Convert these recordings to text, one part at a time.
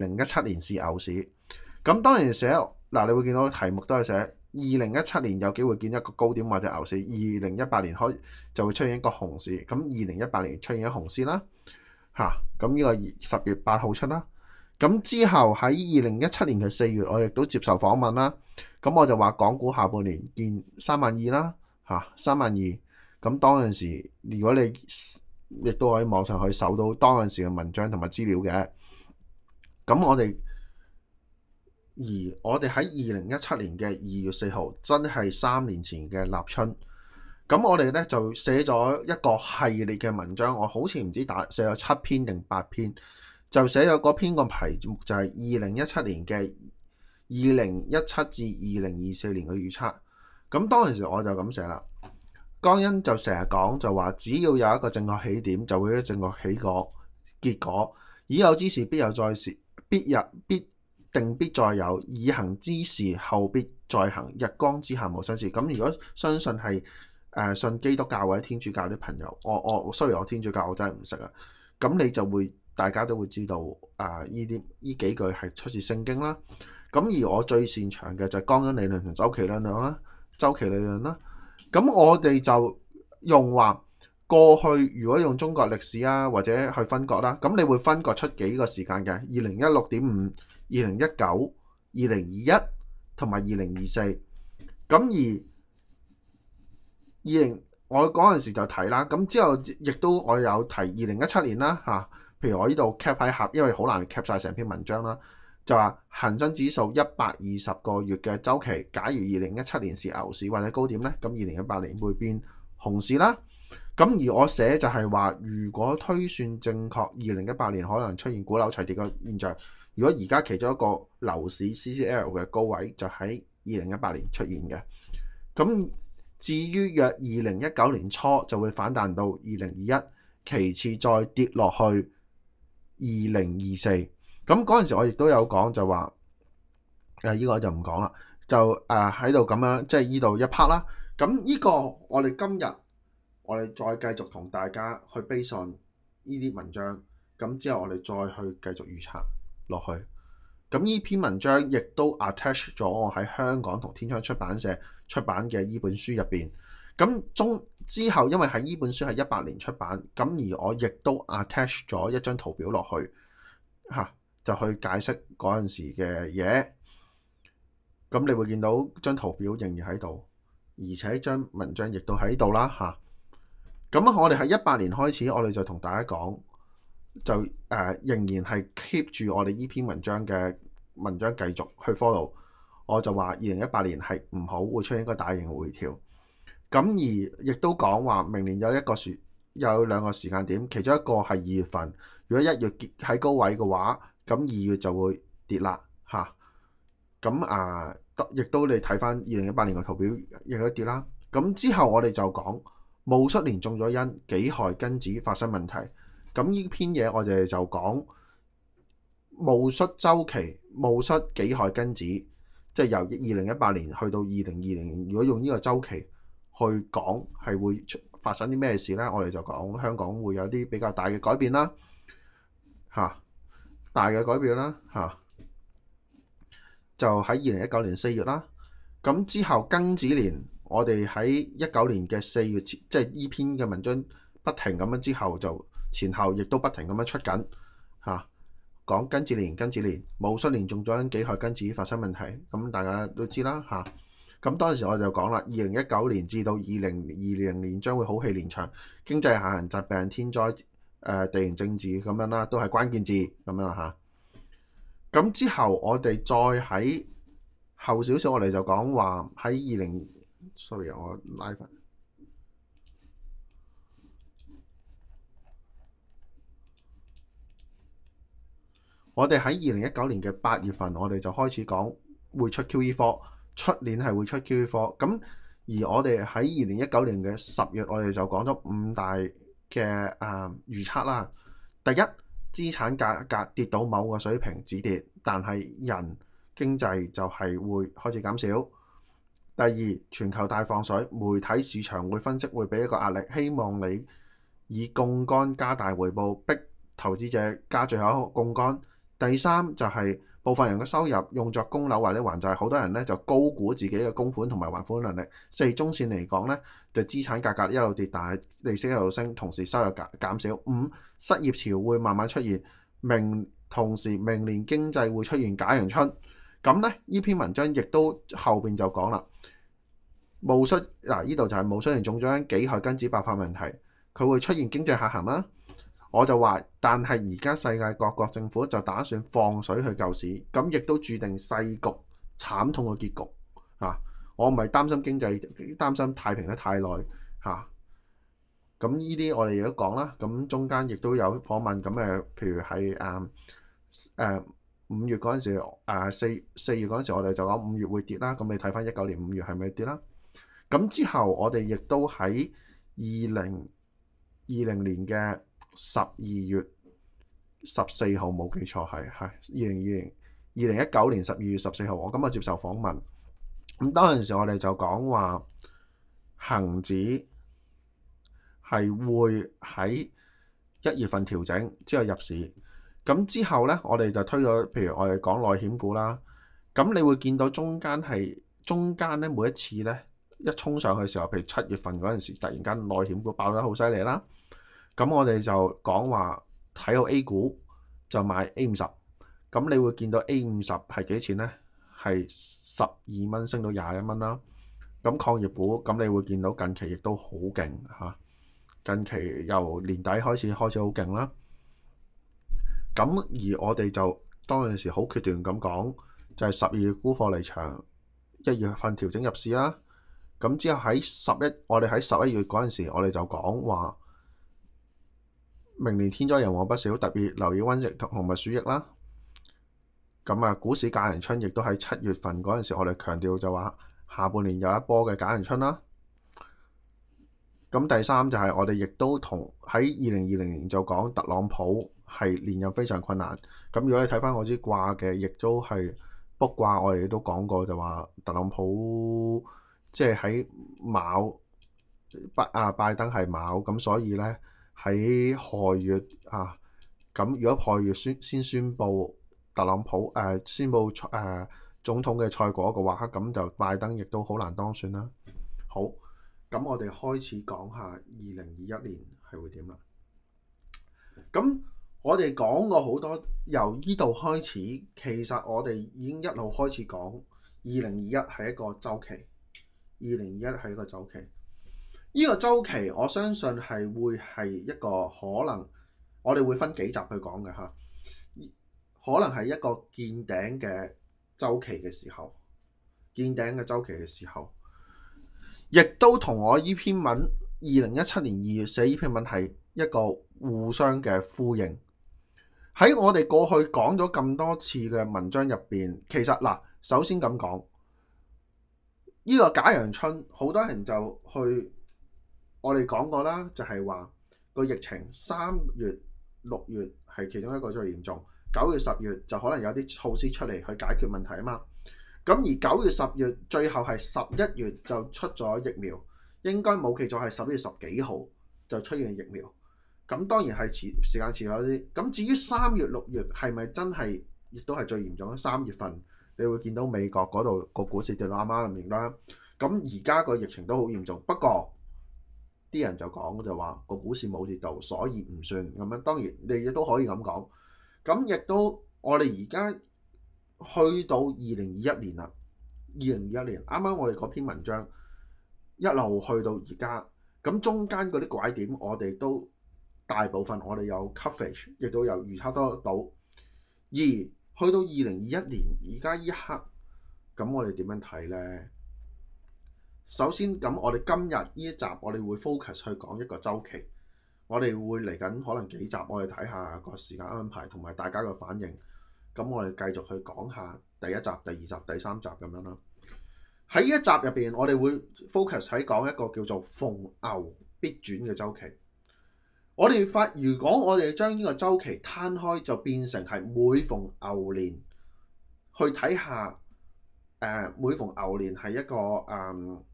零一七年是牛市，咁當然寫嗱你會見到題目都係寫二零一七年有機會見一個高點或者牛市，二零一八年開就會出現一個熊市，咁二零一八年出現一個熊市啦，吓，咁呢個十月八號出啦，咁之後喺二零一七年嘅四月，我亦都接受訪問啦，咁我就話港股下半年見三萬二啦，吓，三萬二，咁當陣時如果你亦都可以網上去搜到當陣時嘅文章同埋資料嘅。咁我哋而我哋喺二零一七年嘅二月四號，真係三年前嘅立春。咁我哋呢就寫咗一個系列嘅文章，我好似唔知打寫咗七篇定八篇，就寫咗嗰篇，個題目就係二零一七年嘅二零一七至二零二四年嘅預測。咁當時我就咁寫啦。江恩就成日講就話，只要有一個正確起點，就會有一個正確起果結果。已有之事必有再事。必日必定必再有，以行之時，後必再行。日光之下無新事。咁如果相信係誒、呃、信基督教或者天主教啲朋友，我我雖然我天主教，我真係唔識啊。咁你就會大家都會知道呢啲呢幾句係出自聖經啦。咁而我最擅長嘅就係江恩理論同周期理論啦，周期理論啦。咁我哋就用話。過去如果用中國歷史啊，或者去分割啦，咁你會分割出幾個時間嘅？二零一六點五、二零一九、二零二一同埋二零二四。咁而二零我嗰陣時就睇啦。咁之後亦都我有提二零一七年啦吓，譬如我呢度 cap 喺盒，因為好難 cap 晒成篇文章啦，就話恒生指數一百二十個月嘅週期，假如二零一七年是牛市或者高點呢，咁二零一八年會變熊市啦。咁而我寫就係話，如果推算正確，二零一八年可能出現股樓齊跌嘅現象。如果而家其中一個樓市 CCL 嘅高位就喺二零一八年出現嘅，咁至於約二零一九年初就會反彈到二零二一，其次再跌落去二零二四。咁嗰陣時我亦都有講就話，誒呢個我就唔講啦，就誒喺度咁樣即係呢度一 part 啦。咁呢個我哋今日。我哋再繼續同大家去 base on 呢啲文章，咁之後我哋再去繼續預測落去。咁呢篇文章亦都 attach 咗我喺香港同天窗出版社出版嘅呢本書入邊。咁中之後，因為喺呢本書係一八年出版，咁而我亦都 attach 咗一張圖表落去吓，就去解釋嗰陣時嘅嘢。咁你會見到張圖表仍然喺度，而且張文章亦都喺度啦嚇。咁我哋喺一八年開始，我哋就同大家講，就、呃、仍然係 keep 住我哋呢篇文章嘅文章繼續去 follow。我就話二零一八年係唔好會出現一個大型回調，咁而亦都講話明年有一個時有兩個時間點，其中一個係二月份。如果一月喺高位嘅話，咁二月就會跌啦，嚇。咁啊，亦都你睇翻二零一八年嘅圖表，亦都跌啦。咁之後我哋就講。戊戌年中咗因，己亥庚子發生問題。咁呢篇嘢，我哋就講戊戌周期、戊戌己亥庚子，即係由二零一八年去到二零二零年。如果用呢個周期去講，係會發生啲咩事呢？我哋就講香港會有啲比較大嘅改變啦，吓大嘅改變啦，吓就喺二零一九年四月啦。咁之後庚子年。我哋喺一九年嘅四月，即係呢篇嘅文章不停咁樣之後，就前後亦都不停咁樣出緊嚇，講庚子年，庚子年戊戌年仲咗幾害庚子發生問題，咁大家都知啦嚇。咁當時我就講啦，二零一九年至到二零二零年將會好戲連場，經濟下行、疾病、天災、誒地形政治咁樣啦，都係關鍵字咁樣啦嚇。咁之後我哋再喺後少少，我哋就講話喺二零。Sorry，我拉一份。我哋喺二零一九年嘅八月份，我哋就開始講會出 QE4，出年係會出 QE4。咁而我哋喺二零一九年嘅十月，我哋就講咗五大嘅誒、嗯、預測啦。第一，資產價格跌到某個水平止跌，但係人經濟就係會開始減少。第二，全球大放水，媒體市場會分析會俾一個壓力，希望你以槓桿加大回報，逼投資者加最後一個槓桿。第三就係、是、部分人嘅收入用作供樓或者還債，好多人咧就高估自己嘅供款同埋還款能力。四，中線嚟講咧，就資產價格一路跌，但係利息一路升，同時收入減少。五，失業潮會慢慢出現，明同時明年經濟會出現假陽春。咁咧，呢篇文章亦都後邊就講啦。冇衰嗱，呢度就係冇衰，連種咗幾害根子白髮問題，佢會出現經濟下行啦。我就話，但係而家世界各國政府就打算放水去救市，咁亦都註定世局慘痛嘅結局嚇。我唔係擔心經濟，擔心太平得太耐嚇。咁呢啲我哋亦都講啦。咁中間亦都有訪問，咁誒，譬如係誒誒。五月嗰陣時，誒四四月嗰陣時，我哋就講五月會跌啦。咁你睇翻一九年五月係咪跌啦？咁之後我哋亦都喺二零二零年嘅十二月十四號，冇記錯係係二零二零二零一九年十二月十四號，我今日接受訪問。咁當陣時我哋就講話恆指係會喺一月份調整之後入市。咁之後呢，我哋就推咗，譬如我哋講內險股啦。咁你會見到中間係中間呢，每一次呢一衝上去嘅時候，譬如七月份嗰陣時，突然間內險股爆得好犀利啦。咁我哋就講話睇好 A 股就買 A 五十。咁你會見到 A 五十係幾錢呢？係十二蚊升到廿一蚊啦。咁礦業股，咁你會見到近期亦都好勁嚇。近期由年底開始開始好勁啦。咁而我哋就嗰陣時好決斷咁講，就係十二月沽貨離場，一月份調整入市啦。咁之後喺十一，我哋喺十一月嗰陣時，我哋就講話明年天災人禍不少，特別留意瘟疫同埋鼠疫啦。咁啊，股市假人春亦都喺七月份嗰陣時，我哋強調就話下半年有一波嘅假人春啦。咁第三就係我哋亦都同喺二零二零年就講特朗普係連任非常困難。咁如果你睇返我支卦嘅，亦都係卜卦，我哋都講過就話特朗普即係喺卯拜啊，拜登係卯，咁所以呢，喺亥月啊，咁如果亥月宣先宣佈特朗普誒、啊、宣佈誒、啊、總統嘅賽果嘅話，咁就拜登亦都好難當選啦。好。咁我哋開始講下二零二一年係會點啦。咁我哋講過好多，由呢度開始，其實我哋已經一路開始講二零二一係一個周期，二零二一係一個周期。呢個周期我相信係會係一個可能，我哋會分幾集去講嘅吓，可能係一個見頂嘅周期嘅時候，見頂嘅周期嘅時候。亦都同我依篇文，二零一七年二月寫依篇文係一個互相嘅呼應。喺我哋過去講咗咁多次嘅文章入邊，其實嗱，首先咁講，呢個假陽春，好多人就去我哋講過啦，就係話個疫情三月、六月係其中一個最嚴重，九月、十月就可能有啲措施出嚟去解決問題啊嘛。咁而九月、十月最後係十一月就出咗疫苗，應該冇記錯係十月十幾號就出現疫苗。咁當然係遲時間遲咗啲。咁至於三月、六月係咪真係亦都係最嚴重？三月份你會見到美國嗰度個股市跌到啱啱咁樣啦。咁而家個疫情都好嚴重，不過啲人就講就話個股市冇跌到，所以唔算咁樣。當然你亦都可以咁講。咁亦都我哋而家。去到二零二一年啦，二零二一年啱啱我哋嗰篇文章一路去到而家，咁中間嗰啲拐點我哋都大部分我哋有 coverage，亦都有預測得到。而去到二零二一年而家依刻，咁我哋點樣睇咧？首先咁，我哋今日呢一集我哋會 focus 去講一個周期，我哋會嚟緊可能幾集，我哋睇下個時間安排同埋大家嘅反應。咁我哋繼續去講下第一集、第二集、第三集咁樣啦。喺呢一集入邊，我哋會 focus 喺講一個叫做逢牛必轉嘅周期。我哋發如果我哋將呢個周期攤開，就變成係每逢牛年去睇下誒、呃，每逢牛年係一個誒、嗯、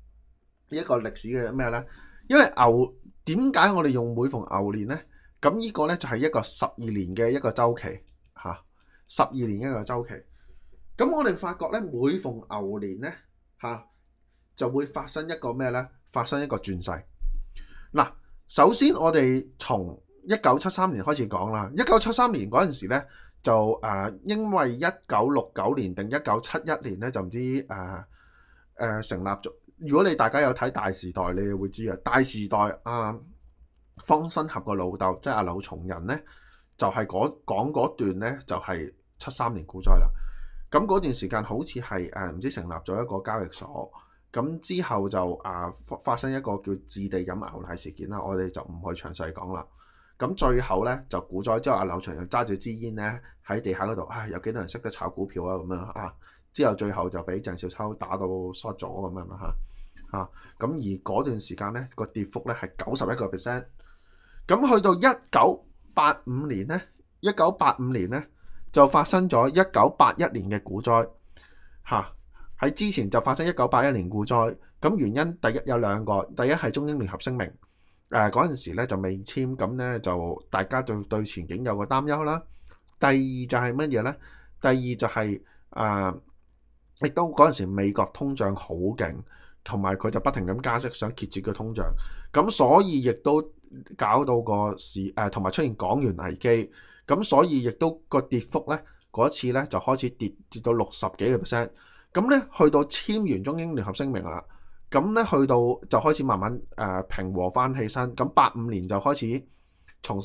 一個歷史嘅咩呢？因為牛點解我哋用每逢牛年呢？咁、這、呢個呢，就係一個十二年嘅一個周期嚇。十二年一個週期，咁我哋發覺咧，每逢牛年咧，嚇就會發生一個咩咧？發生一個轉世。嗱，首先我哋從一九七三年開始講啦。一九七三年嗰陣時咧，就誒因為一九六九年定一九七一年咧，就唔知誒誒成立咗。如果你大家有睇《大時代》，你會知啊，《大時代》啊方新俠個老豆即係阿柳松仁咧。就係、是、嗰講嗰段呢，就係、是、七三年股災啦。咁嗰段時間好似係唔知成立咗一個交易所。咁之後就啊發生一個叫置地飲牛奶事件啦。我哋就唔去詳細講啦。咁最後呢，就股災之後，阿劉翔又揸住支煙呢，喺地下嗰度。唉、哎，有幾多人識得炒股票啊？咁啊啊！之後最後就俾鄭少秋打到 short 咗咁樣啦嚇嚇。咁而嗰段時間呢，個跌幅呢係九十一個 percent。咁去到一九八五年呢，一九八五年呢就發生咗一九八一年嘅股災，嚇喺之前就發生一九八一年股災，咁原因第一有兩個，第一係中英聯合聲明，誒嗰陣時呢就未簽，咁呢就大家就對前景有個擔憂啦。第二就係乜嘢呢？第二就係誒，亦都嗰陣時美國通脹好勁，同埋佢就不停咁加息，想遏止個通脹，咁所以亦都。搞到個事誒，同埋出現港元危機，咁所以亦都個跌幅咧，嗰一次咧就開始跌跌到六十幾個 percent，咁咧去到簽完中英聯合聲明啦，咁咧去到就開始慢慢誒、呃、平和翻起身，咁八五年就開始重拾。